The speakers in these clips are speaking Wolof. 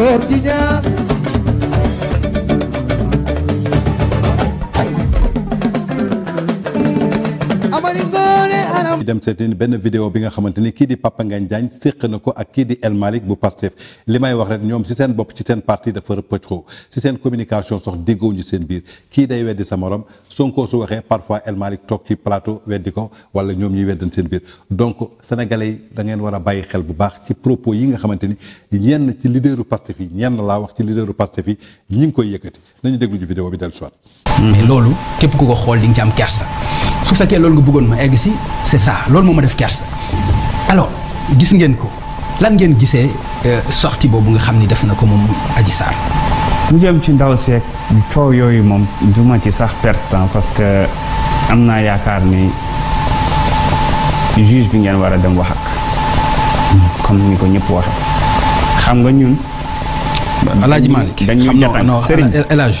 por ti ñu dem seeti benn vidéo bi nga xamante ni kii di Papa Ngagne Diagne séq na ko ak kii di El Malick bu Pastef li may wax rek ñoom si seen bopp ci seen parti dafa rëppëj ko si seen communication sax déggoo ñu seen biir kii day weddi sa morom Sonko su waxee parfois El Malick toog ci plateau weddi ko wala ñoom ñuy weddan seen biir donc sénégalais yi da ngeen war a bàyyi xel bu baax ci propos yi nga xamante ni ñenn ci leaderu Pastef yi ñenn laa wax ci leaderu Pastef yi ñi ngi koy yëkkati nañu déglu ju vidéo bi dellu si waat mais loolu képp ku ko xool di su fekkee loolu nga bëggoon ma egg si c'est ça loolu moo ma def kersa alors gis ngeen ko lan ngeen gisee euh, soxti boobu nga xam ni def na ko moom aji Sarr ñu jëm ci ndaw seeg coow yooyu moom duma ci sax perte temps parce que am naa yaakaar ni juge bi ngeen war a dem wax ak comme ni ko ñëpp waxe xam nga ñun Alaaji Malik dañuy jatan sëriñ El Hadj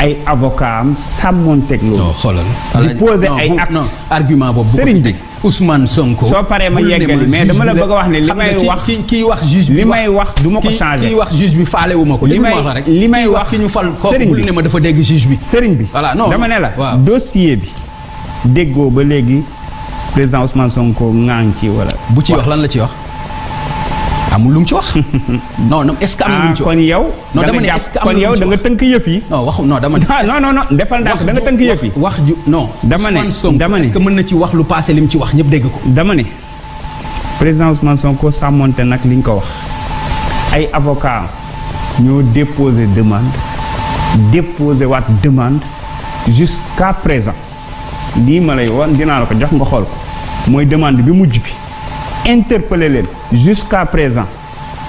ay avocat am sàmmoonteeg eu non xoolal. di posé ay actes argument boobu. Serigne bi Ousmane Sonko. soo paree ma yeggali mais dama la bëgg a wax ne li may wax ki ki wax juge bi. li may wax du ma ko changé ki wax juge bi faale wu eu ko. li may li may wax ki ñu fal kooku bul ne ma dafa dégg juge bi. Serigne bi voilà non dama ne la. dossier bi déggoo ba léegi président Ousmane Sonko ŋaan ci wala. bu ci wax lan la ci wax amul lu mu ci wax. non non est ce que amul lu mu ci ah, wax kon yow. non dama ne est ce que amul lu mu ci wax kon yow da nga tënk yëf yi. non waxu non dama ne. non non non defal naa da nga tënk yëf yi. wax ju non. dama ne dama ne est ce que mën na ci wax lu paase li mu ci wax ñëpp dégg ko. dama ne président Ousmane Sonko sàmmonte nag li ñu ko wax ay avocat ñoo déposé demande déposé waat demande jusqu'à présent lii ma lay woon dinaa la ko jox nga xool ko mooy demande bi mujj bi. interpeller leen jusqu'à présent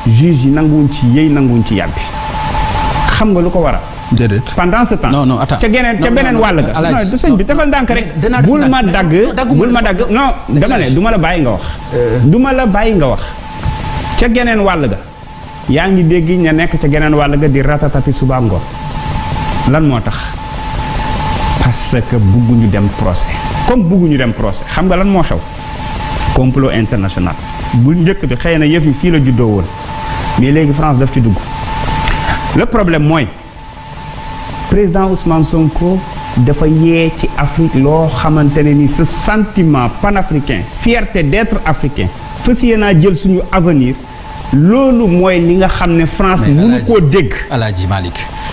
juge yi nanguwuñ ci yëy nanguwuñ ci yàbbi xam nga lu ko waral. déedéet pendant ce temps. non ca geneen ca beneen wàll ga. non sëñ bi defal ndànk rek. bul ma dagg bul ma dagg non du ma la bàyyi nga wax. Euh. du ma la bàyyi nga wax ca geneen wàll ga. yaa ngi dégg ña nekk ca geneen wàll ga di ratatati suba ngoon lan moo tax parce que ñu dem procès comme bugguñu dem procès xam nga lan moo xew. complot international Vous que mais France le problème président Ousmane Sonko de Fayette Afrique ce sentiment panafricain fierté d'être africain à yéenaa jël suñu avenir loolu nous li nga France nous un nous, nous,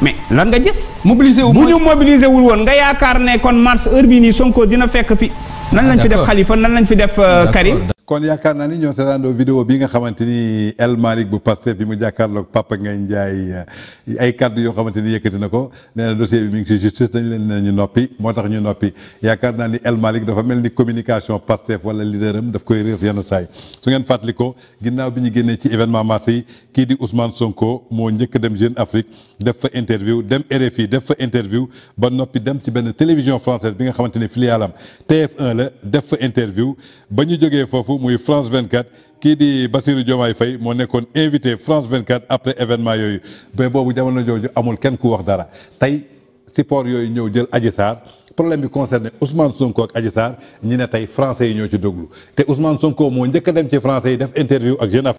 mais lan nga gis. mobiliser wu bu ñu mobiliser wul woon nga yaakaar ne kon mars heure bii nii Sonko dina fekk fi. nan lañ fi def Khalifa nan lañ fi def euh, Karim. kon yaakaar naa ni ñoo seetaandoo vidéo bi nga xamante ni El Malick bu Pastef bi mu jàkkaarloog Papa Ngagne Ndiaye ay kàddu yoo xamante ni yëkkati na ko nee na dossier bi mi ngi ci justice dañ leen ne ñu noppi moo tax ñu noppi yaakaar naa ni El Malick dafa mel ni communication Pastef wala leader am daf koy réer yenn saay su ngeen fàttalikoo ginnaaw bi ñu génnee ci événement marché yi kii di Ousmane Sonko moo njëkk dem Jeune Afrique def fa interview dem RFI def fa interview ba noppi dem ci benn télévision française bi nga xamante ni filiale am TF1 def fa interview ba ñu jógee foofu France 24 ki di Bassirou Diomaye Faye est invité France 24 après événement yoyu Ben bobu jamono jooju amul ken ku wax dara tay support yoyu ñëw jël Adji Sarr problème bi concerné Ousmane Sonko ak Adji Sarr ñi ne français yi ñoo ci doglu té Ousmane Sonko mo ñëk dem ci français def interview ak Jenaf